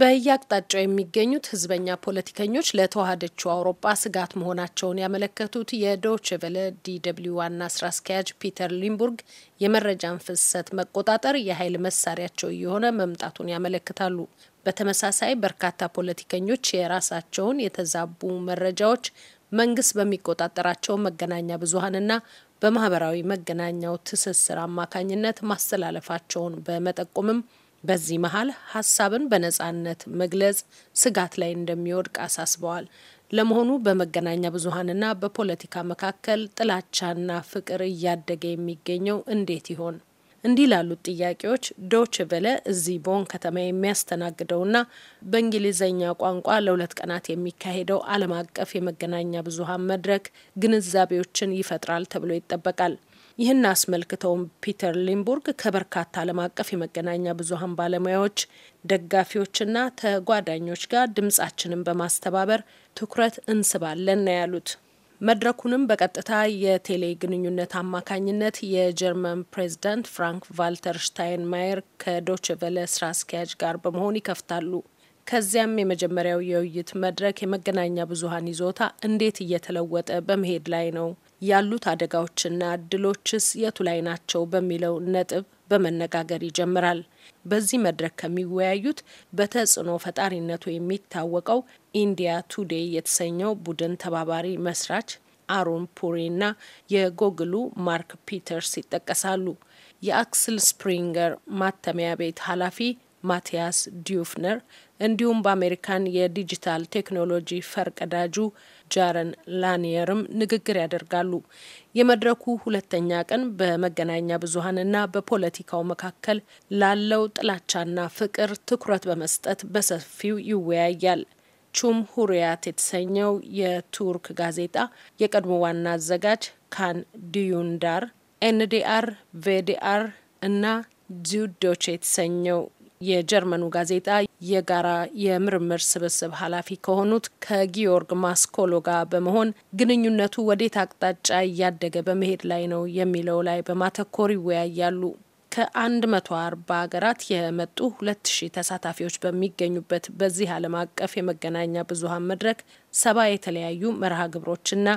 በየአቅጣጫው የሚገኙት ህዝበኛ ፖለቲከኞች ለተዋሃደችው አውሮፓ ስጋት መሆናቸውን ያመለከቱት የዶቼ ቬለ ዲደብሊው ዋና ስራ አስኪያጅ ፒተር ሊምቡርግ የመረጃን ፍሰት መቆጣጠር የኃይል መሳሪያቸው እየሆነ መምጣቱን ያመለክታሉ። በተመሳሳይ በርካታ ፖለቲከኞች የራሳቸውን የተዛቡ መረጃዎች መንግስት በሚቆጣጠራቸው መገናኛ ብዙሀንና በማህበራዊ መገናኛው ትስስር አማካኝነት ማስተላለፋቸውን በመጠቆምም በዚህ መሀል ሀሳብን በነጻነት መግለጽ ስጋት ላይ እንደሚወድቅ አሳስበዋል። ለመሆኑ በመገናኛ ብዙሀንና በፖለቲካ መካከል ጥላቻና ፍቅር እያደገ የሚገኘው እንዴት ይሆን? እንዲህ ላሉት ጥያቄዎች ዶች ቨለ እዚህ ቦን ከተማ የሚያስተናግደውና በእንግሊዝኛ ቋንቋ ለሁለት ቀናት የሚካሄደው ዓለም አቀፍ የመገናኛ ብዙሀን መድረክ ግንዛቤዎችን ይፈጥራል ተብሎ ይጠበቃል። ይህን አስመልክተውም ፒተር ሊምቡርግ ከበርካታ ዓለም አቀፍ የመገናኛ ብዙሀን ባለሙያዎች፣ ደጋፊዎችና ተጓዳኞች ጋር ድምጻችንን በማስተባበር ትኩረት እንስባለን ነው ያሉት። መድረኩንም በቀጥታ የቴሌ ግንኙነት አማካኝነት የጀርመን ፕሬዚዳንት ፍራንክ ቫልተር ሽታይንማየር ከዶችቨለ ስራ አስኪያጅ ጋር በመሆን ይከፍታሉ። ከዚያም የመጀመሪያው የውይይት መድረክ የመገናኛ ብዙሀን ይዞታ እንዴት እየተለወጠ በመሄድ ላይ ነው ያሉት አደጋዎችና እድሎችስ የቱ ላይ ናቸው በሚለው ነጥብ በመነጋገር ይጀምራል። በዚህ መድረክ ከሚወያዩት በተጽዕኖ ፈጣሪነቱ የሚታወቀው ኢንዲያ ቱዴይ የተሰኘው ቡድን ተባባሪ መስራች አሮን ፑሪ እና የጎግሉ ማርክ ፒተርስ ይጠቀሳሉ። የአክስል ስፕሪንገር ማተሚያ ቤት ኃላፊ ማቲያስ ዲዩፍነር እንዲሁም በአሜሪካን የዲጂታል ቴክኖሎጂ ፈርቀዳጁ ጃረን ላኒየርም ንግግር ያደርጋሉ። የመድረኩ ሁለተኛ ቀን በመገናኛ ብዙሀንና በፖለቲካው መካከል ላለው ጥላቻና ፍቅር ትኩረት በመስጠት በሰፊው ይወያያል። ቹም ሁሪያት የተሰኘው የቱርክ ጋዜጣ የቀድሞ ዋና አዘጋጅ ካን ዲዩንዳር፣ ኤንዲአር፣ ቬዲአር እና ዚዩዶች የተሰኘው የጀርመኑ ጋዜጣ የጋራ የምርምር ስብስብ ኃላፊ ከሆኑት ከጊዮርግ ማስኮሎ ጋር በመሆን ግንኙነቱ ወዴት አቅጣጫ እያደገ በመሄድ ላይ ነው የሚለው ላይ በማተኮር ይወያያሉ። ከ140 ሀገራት የመጡ 2000 ተሳታፊዎች በሚገኙበት በዚህ ዓለም አቀፍ የመገናኛ ብዙሀን መድረክ ሰባ የተለያዩ መርሃ ግብሮችና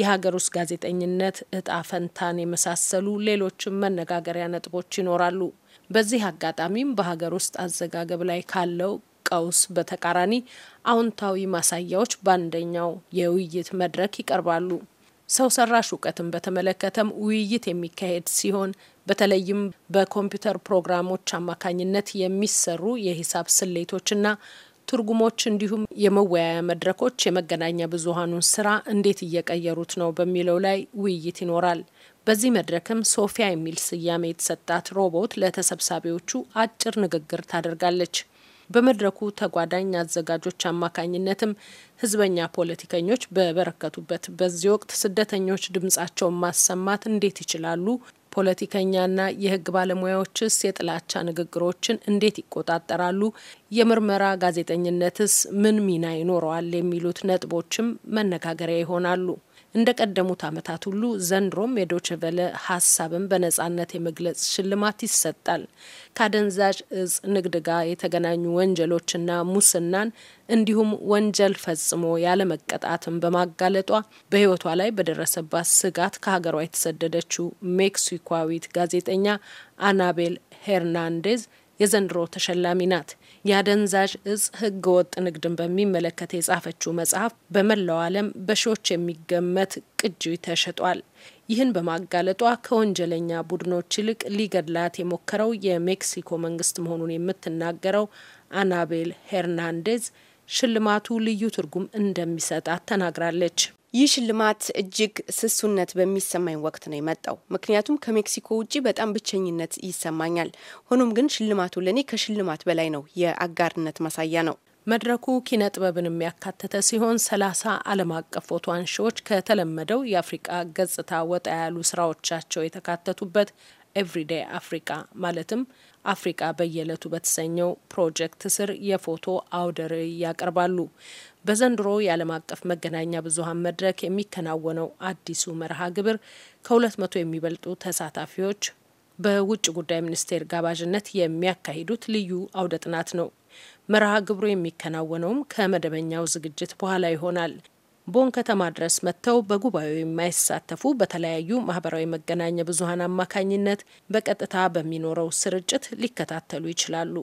የሀገር ውስጥ ጋዜጠኝነት እጣ ፈንታን የመሳሰሉ ሌሎችም መነጋገሪያ ነጥቦች ይኖራሉ። በዚህ አጋጣሚም በሀገር ውስጥ አዘጋገብ ላይ ካለው ቀውስ በተቃራኒ አዎንታዊ ማሳያዎች በአንደኛው የውይይት መድረክ ይቀርባሉ። ሰው ሰራሽ እውቀትን በተመለከተም ውይይት የሚካሄድ ሲሆን በተለይም በኮምፒውተር ፕሮግራሞች አማካኝነት የሚሰሩ የሂሳብ ስሌቶችና ትርጉሞች እንዲሁም የመወያያ መድረኮች የመገናኛ ብዙሀኑን ስራ እንዴት እየቀየሩት ነው በሚለው ላይ ውይይት ይኖራል። በዚህ መድረክም ሶፊያ የሚል ስያሜ የተሰጣት ሮቦት ለተሰብሳቢዎቹ አጭር ንግግር ታደርጋለች። በመድረኩ ተጓዳኝ አዘጋጆች አማካኝነትም ህዝበኛ ፖለቲከኞች በበረከቱበት በዚህ ወቅት ስደተኞች ድምጻቸውን ማሰማት እንዴት ይችላሉ? ፖለቲከኛና የህግ ባለሙያዎችስ የጥላቻ ንግግሮችን እንዴት ይቆጣጠራሉ? የምርመራ ጋዜጠኝነትስ ምን ሚና ይኖረዋል? የሚሉት ነጥቦችም መነጋገሪያ ይሆናሉ። እንደ ቀደሙት ዓመታት ሁሉ ዘንድሮም የዶችቨለ ሀሳብን በነጻነት የመግለጽ ሽልማት ይሰጣል። ከአደንዛዥ እጽ ንግድ ጋር የተገናኙ ወንጀሎችና ሙስናን እንዲሁም ወንጀል ፈጽሞ ያለመቀጣትን በማጋለጧ በሕይወቷ ላይ በደረሰባት ስጋት ከሀገሯ የተሰደደችው ሜክሲኳዊት ጋዜጠኛ አናቤል ሄርናንዴዝ የዘንድሮ ተሸላሚ ናት። የአደንዛዥ እጽ ወጥ ንግድን በሚመለከት የጻፈችው መጽሐፍ በመላው ዓለም በሺዎች የሚገመት ቅጂ ተሸጧል። ይህን በማጋለጧ ከወንጀለኛ ቡድኖች ይልቅ ሊገድላት የሞከረው የሜክሲኮ መንግስት መሆኑን የምትናገረው አናቤል ሄርናንዴዝ ሽልማቱ ልዩ ትርጉም እንደሚሰጣት ተናግራለች። ይህ ሽልማት እጅግ ስሱነት በሚሰማኝ ወቅት ነው የመጣው። ምክንያቱም ከሜክሲኮ ውጭ በጣም ብቸኝነት ይሰማኛል። ሆኖም ግን ሽልማቱ ለእኔ ከሽልማት በላይ ነው፣ የአጋርነት ማሳያ ነው። መድረኩ ኪነ ጥበብን የሚያካተተ ሲሆን ሰላሳ ዓለም አቀፍ ፎቶ አንሺዎች ከተለመደው የአፍሪቃ ገጽታ ወጣ ያሉ ስራዎቻቸው የተካተቱበት ኤቭሪዴይ አፍሪካ ማለትም አፍሪቃ በየዕለቱ በተሰኘው ፕሮጀክት ስር የፎቶ አውደ ርዕይ ያቀርባሉ። በዘንድሮ የዓለም አቀፍ መገናኛ ብዙሀን መድረክ የሚከናወነው አዲሱ መርሃ ግብር ከሁለት መቶ የሚበልጡ ተሳታፊዎች በውጭ ጉዳይ ሚኒስቴር ጋባዥነት የሚያካሂዱት ልዩ አውደ ጥናት ነው። መርሃ ግብሩ የሚከናወነውም ከመደበኛው ዝግጅት በኋላ ይሆናል። ቦን ከተማ ድረስ መጥተው በጉባኤው የማይሳተፉ በተለያዩ ማህበራዊ መገናኛ ብዙሀን አማካኝነት በቀጥታ በሚኖረው ስርጭት ሊከታተሉ ይችላሉ።